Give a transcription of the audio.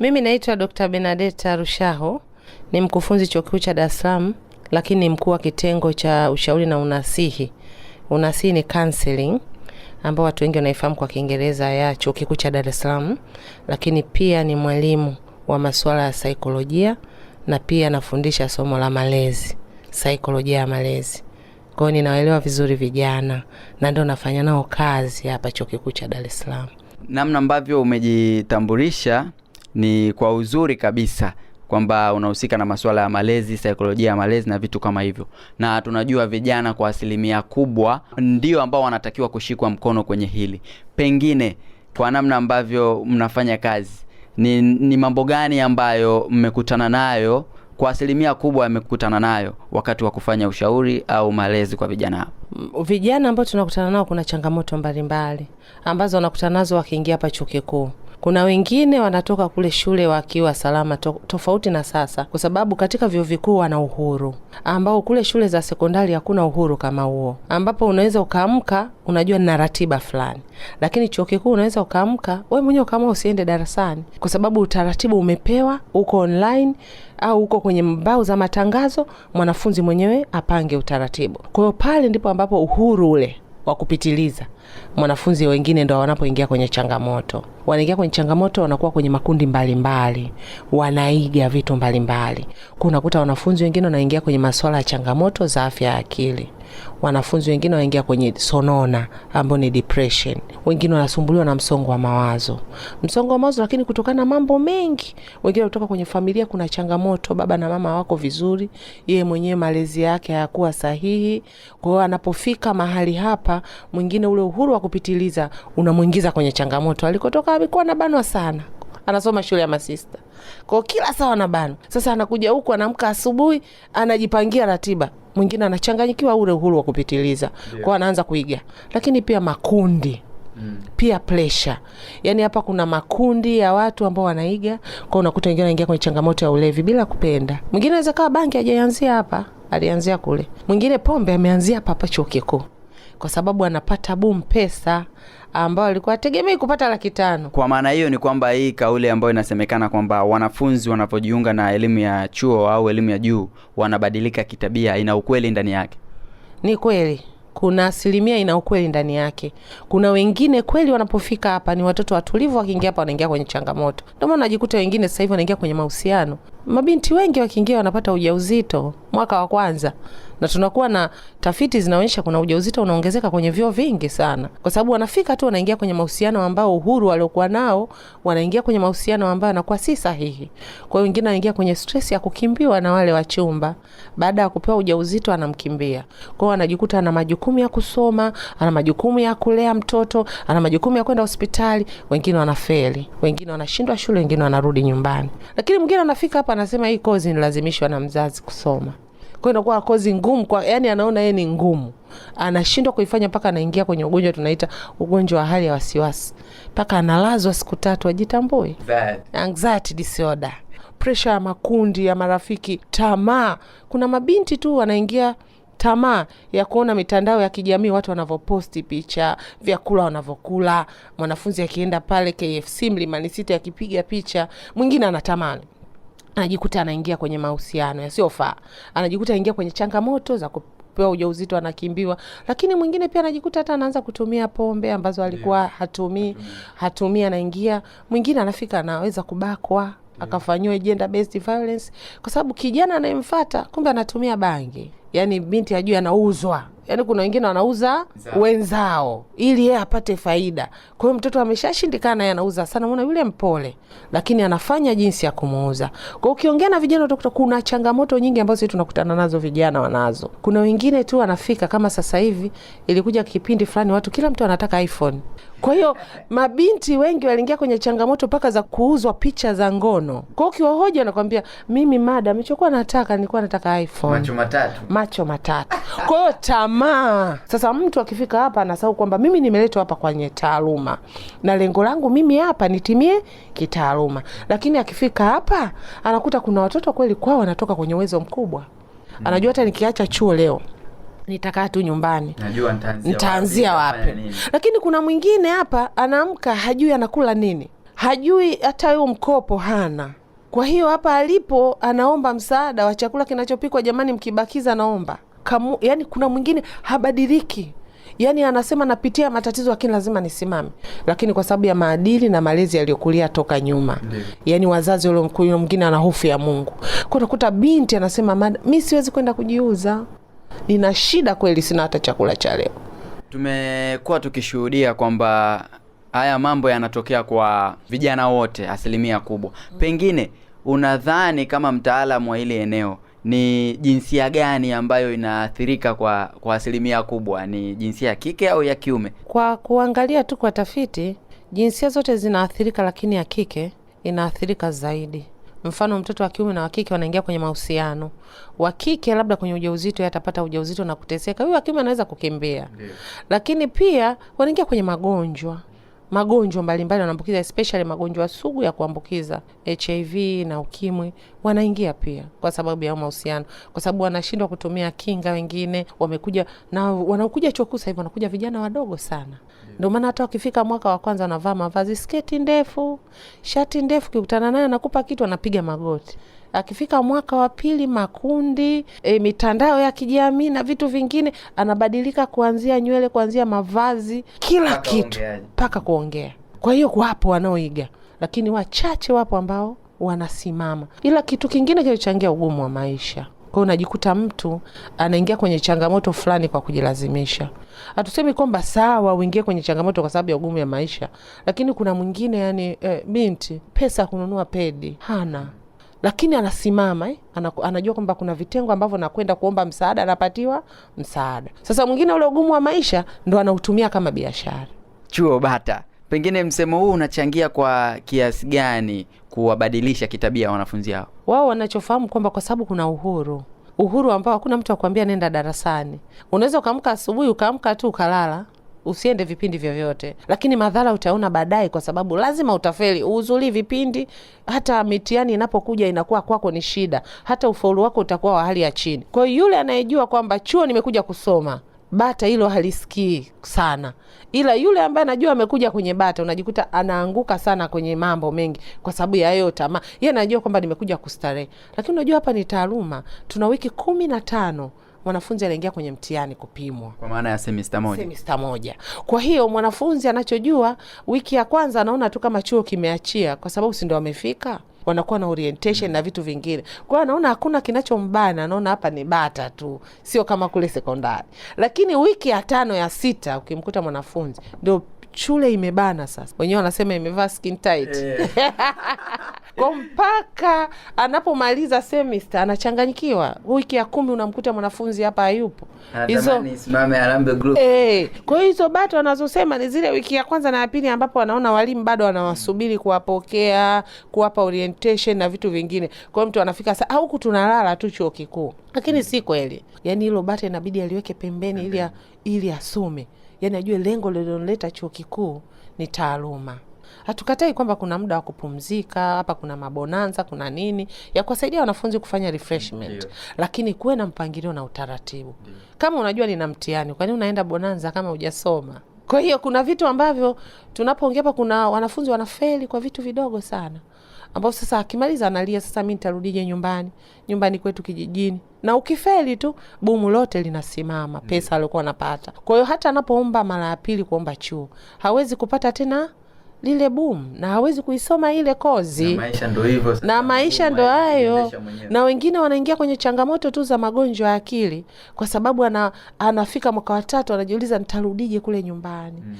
Mimi naitwa Dr. Benadeta Rushaho, ni mkufunzi chuo kikuu cha Dar es Salaam, lakini ni mkuu wa kitengo cha ushauri na unasihi. Unasihi ni counseling ambao watu wengi wanaifahamu kwa Kiingereza ya chuo kikuu cha Dar es Salaam, lakini pia ni mwalimu wa masuala ya saikolojia na pia nafundisha somo la malezi, saikolojia ya malezi. Kwa hiyo ninawaelewa vizuri vijana na ndio nafanya nao kazi hapa chuo kikuu cha Dar es Salaam. Namna ambavyo umejitambulisha ni kwa uzuri kabisa kwamba unahusika na masuala ya malezi, saikolojia ya malezi na vitu kama hivyo, na tunajua vijana kwa asilimia kubwa ndio ambao wanatakiwa kushikwa mkono kwenye hili. Pengine kwa namna ambavyo mnafanya kazi, ni, ni mambo gani ambayo mmekutana nayo kwa asilimia kubwa amekutana nayo wakati wa kufanya ushauri au malezi kwa vijana Vijana ambao tunakutana nao kuna changamoto mbalimbali mbali ambazo wanakutana nazo wakiingia hapa chuo kikuu. Kuna wengine wanatoka kule shule wakiwa salama to, tofauti na sasa, kwa sababu katika vyuo vikuu wana uhuru ambao kule shule za sekondari hakuna uhuru kama huo, ambapo unaweza ukaamka unajua na ratiba fulani, lakini chuo kikuu unaweza ukaamka wewe mwenyewe ukaamua usiende darasani kwa sababu utaratibu umepewa, uko online au uko kwenye mbao za matangazo, mwanafunzi mwenyewe apange utaratibu. Kwa hiyo pale ndipo ambapo uhuru ule wa kupitiliza, mwanafunzi wengine ndo wanapoingia kwenye changamoto, wanaingia kwenye changamoto, wanakuwa kwenye makundi mbalimbali, wanaiga vitu mbalimbali. kunakuta wanafunzi wengine wanaingia kwenye masuala ya changamoto za afya ya akili Wanafunzi wengine wanaingia kwenye sonona ambayo ni depression, wengine wanasumbuliwa na msongo wa mawazo, msongo wa mawazo lakini kutokana na mambo mengi, wengine kutoka kwenye familia, kuna changamoto, baba na mama wako vizuri, yeye mwenyewe malezi yake hayakuwa sahihi. Kwa hiyo anapofika mahali hapa, mwingine ule uhuru wa kupitiliza unamwingiza kwenye changamoto. Alikotoka alikuwa banwa sana anasoma shule ya masista. Kwa kila saa wanabanwa. Sasa anakuja huku anaamka asubuhi, anajipangia ratiba. Mwingine anachanganyikiwa ule uhuru wa kupitiliza. Yeah. Kwa anaanza kuiga. Lakini pia makundi. Mm. Pia pressure. Yaani hapa kuna makundi ya watu ambao wanaiga, kwa unakuta wengine wanaingia kwenye changamoto ya ulevi bila kupenda. Mwingine anaweza kawa bangi hajaanzia hapa, alianzia kule. Mwingine pombe ameanzia hapa hapa chuo kikuu kwa sababu anapata bum pesa ambao alikuwa ategemei kupata laki tano. Kwa maana hiyo ni kwamba hii kauli ambayo inasemekana kwamba wanafunzi wanapojiunga na elimu ya chuo au elimu ya juu wanabadilika kitabia ina ukweli ndani yake? Ni kweli kuna asilimia ina ukweli ndani yake. Kuna wengine kweli wanapofika hapa ni watoto watulivu, wakiingia hapa wanaingia kwenye changamoto. Ndio maana wengine sasa hivi wanaingia kwenye mahusiano mabinti wengi wakiingia wanapata ujauzito mwaka wa kwanza, na tunakuwa na tafiti zinaonyesha kuna ujauzito unaongezeka kwenye vyo vingi sana, kwa sababu wanafika tu wanaingia kwenye mahusiano ambao uhuru waliokuwa nao, wanaingia kwenye mahusiano ambayo yanakuwa si sahihi. Kwa hiyo wengine wanaingia kwenye stress ya kukimbiwa na wale wa chumba, baada ya kupewa ujauzito anamkimbia. Kwa hiyo anajikuta ana majukumu ya kusoma, ana majukumu ya kulea mtoto, ana majukumu ya kwenda hospitali. Wengine wanafeli, wengine wanashindwa shule, wengine wanarudi nyumbani, lakini mwingine anafika hapa anasema hii kozi nilazimishwa na mzazi kusoma kwa inakuwa kozi ngumu kwa, yani anaona yeye ni ngumu, anashindwa kuifanya mpaka anaingia kwenye ugonjwa tunaita ugonjwa wa hali ya wasiwasi, mpaka analazwa siku tatu ajitambue. Anxiety disorder, pressure ya makundi ya marafiki, tamaa. Kuna mabinti tu wanaingia tamaa ya kuona mitandao ya kijamii watu wanavyoposti picha vyakula wanavyokula, mwanafunzi akienda pale KFC Mlimani City akipiga picha, mwingine anatamani anajikuta anaingia kwenye mahusiano yasiyofaa, anajikuta anaingia kwenye changamoto za kupewa ujauzito, anakimbiwa. Lakini mwingine pia anajikuta hata anaanza kutumia pombe ambazo alikuwa hatumii, hatumii, anaingia. Mwingine anafika anaweza kubakwa akafanyiwa gender based violence, kwa sababu kijana anayemfata kumbe anatumia bangi, yani binti hajui anauzwa yani kuna wengine wanauza wenzao ili yeye apate faida. Kwa hiyo mtoto ameshashindikana, yeye anauza sana, mbona yule mpole, lakini anafanya jinsi ya kumuuza. Kwa hiyo ukiongea na vijana utakuta kuna changamoto nyingi ambazo sisi tunakutana nazo, vijana wanazo. Kuna wengine tu wanafika, kama sasa hivi ilikuja kipindi fulani watu kila mtu anataka iPhone. Kwa hiyo mabinti wengi waliingia kwenye changamoto mpaka za kuuzwa picha za ngono. Kwa hiyo ukiwahoji wanakwambia mimi madam, nilichokuwa nataka nilikuwa nataka iPhone. Macho matatu. Macho matatu. Kwa hiyo tamaa. Sasa mtu akifika hapa anasahau kwamba mimi nimeletwa hapa kwenye taaluma na lengo langu mimi hapa nitimie kitaaluma, lakini akifika hapa anakuta kuna watoto kweli kwao wanatoka kwenye uwezo mkubwa. Mm. Anajua hata nikiacha chuo leo nitakaa tu nyumbani, najua nitaanzia wapi, wapi. Lakini kuna mwingine hapa anaamka hajui anakula nini, hajui hata huo mkopo hana. Kwa hiyo hapa alipo anaomba msaada wa chakula kinachopikwa, jamani, mkibakiza naomba kamu, yani kuna mwingine habadiliki yani anasema napitia matatizo lakini lazima nisimame, lakini kwa sababu ya maadili na malezi yaliyokulia toka nyuma mm. yani wazazi wale, mwingine ana hofu ya Mungu, kwa utakuta binti anasema mi siwezi kwenda kujiuza, nina shida kweli, sina hata chakula cha leo. Tumekuwa tukishuhudia kwamba haya mambo yanatokea kwa vijana wote asilimia kubwa. Pengine unadhani kama mtaalamu wa hili eneo ni jinsia gani ambayo inaathirika kwa kwa asilimia kubwa, ni jinsia ya kike au ya kiume? Kwa kuangalia tu kwa tafiti, jinsia zote zinaathirika, lakini ya kike inaathirika zaidi. Mfano, mtoto wa kiume na wa kike wanaingia kwenye mahusiano. Wa kike labda kwenye ujauzito, yeye atapata ujauzito na kuteseka, huyu wa kiume anaweza kukimbia. yeah. Lakini pia wanaingia kwenye magonjwa magonjwa mbalimbali wanaambukiza, especially magonjwa sugu ya kuambukiza HIV na ukimwi wanaingia pia kwa sababu ya mahusiano, kwa sababu wanashindwa kutumia kinga. Wengine wamekuja na wanaokuja chuo kikuu sasa hivi wanakuja vijana wadogo sana, ndio maana hata wakifika mwaka wa kwanza wanavaa mavazi sketi ndefu, shati ndefu, kikutana naye anakupa kitu, anapiga magoti. Akifika mwaka wa pili, makundi e, mitandao ya kijamii na vitu vingine, anabadilika kuanzia nywele, kuanzia mavazi, kila paka kitu mpaka kuongea. Kwa hiyo wapo wanaoiga, lakini wachache wapo ambao wanasimama. Ila kitu kingine kinachochangia ugumu wa maisha kwao unajikuta mtu anaingia kwenye changamoto fulani kwa kujilazimisha. Hatusemi kwamba sawa uingie kwenye changamoto kwa sababu ya ugumu ya maisha, lakini kuna mwingine yani, eh, binti pesa kununua pedi hana lakini anasimama eh? Anaku, anajua kwamba kuna vitengo ambavyo nakwenda kuomba msaada, anapatiwa msaada. Sasa mwingine ule ugumu wa maisha ndo anautumia kama biashara. Chuo Bata, pengine msemo huu unachangia kwa kiasi gani kuwabadilisha kitabia wanafunzi hao? Wao wanachofahamu kwamba kwa sababu kuna uhuru uhuru ambao hakuna mtu akuambia nenda darasani. Unaweza ukaamka asubuhi ukaamka tu ukalala, usiende vipindi vyovyote, lakini madhara utaona baadaye, kwa sababu lazima utafeli. Uhuzulii vipindi, hata mitihani inapokuja inakuwa kwako ni shida, hata ufaulu wako utakuwa wa hali ya chini. Kwa yule anayejua kwamba chuo nimekuja kusoma bata hilo halisikii sana, ila yule ambaye anajua amekuja kwenye bata, unajikuta anaanguka sana kwenye mambo mengi, kwa sababu ya hiyo tamaa. Yeye anajua kwamba nimekuja kustarehe, lakini unajua hapa ni taaluma. Tuna wiki kumi na tano mwanafunzi anaingia kwenye mtihani kupimwa kwa maana ya semester moja. Semester moja. Kwa hiyo mwanafunzi anachojua wiki ya kwanza anaona tu kama chuo kimeachia, kwa sababu si ndio wamefika wanakuwa na orientation na vitu vingine. Kwa hiyo anaona hakuna kinachombana, anaona hapa ni bata tu, sio kama kule sekondari. Lakini wiki ya tano ya sita ukimkuta mwanafunzi ndio shule imebana sasa, wenyewe wanasema imevaa skin tight. Eh. kwa mpaka anapomaliza semester anachanganyikiwa. Wiki ya kumi unamkuta mwanafunzi hapa hayupo, ah, hizo simame arambe Group eh. Kwa hiyo hizo bado wanazosema ni zile wiki ya kwanza na ya pili, ambapo wanaona walimu bado wanawasubiri kuwapokea, kuwapa orientation na vitu vingine. Kwa hiyo mtu anafika saa huku tunalala tu chuo kikuu, lakini si kweli. Yani hilo bado inabidi aliweke pembeni, ili ili asome, yani ajue lengo lililoleta chuo kikuu ni taaluma. Hatukatai kwamba kuna muda wa kupumzika, hapa kuna mabonanza, kuna nini ya kuwasaidia wanafunzi kufanya refreshment. Yeah. Lakini kuwe na mpangilio na utaratibu. Yeah. Kama unajua nina mtihani, kwa nini unaenda bonanza kama hujasoma? Kwa hiyo kuna vitu ambavyo tunapoongea hapa, kuna wanafunzi wanafeli kwa vitu vidogo sana, ambao sasa akimaliza analia, sasa mimi nitarudije nyumbani? Nyumbani kwetu kijijini, na ukifeli tu bumu lote linasimama, pesa aliokuwa anapata. Kwa hiyo hata anapoomba mara ya pili kuomba chuo hawezi kupata tena lile boom na hawezi kuisoma ile kozi, na maisha ndo hayo na hayo. Na wengine wanaingia kwenye changamoto tu za magonjwa ya akili, kwa sababu ana, anafika mwaka wa tatu anajiuliza nitarudije kule nyumbani mm.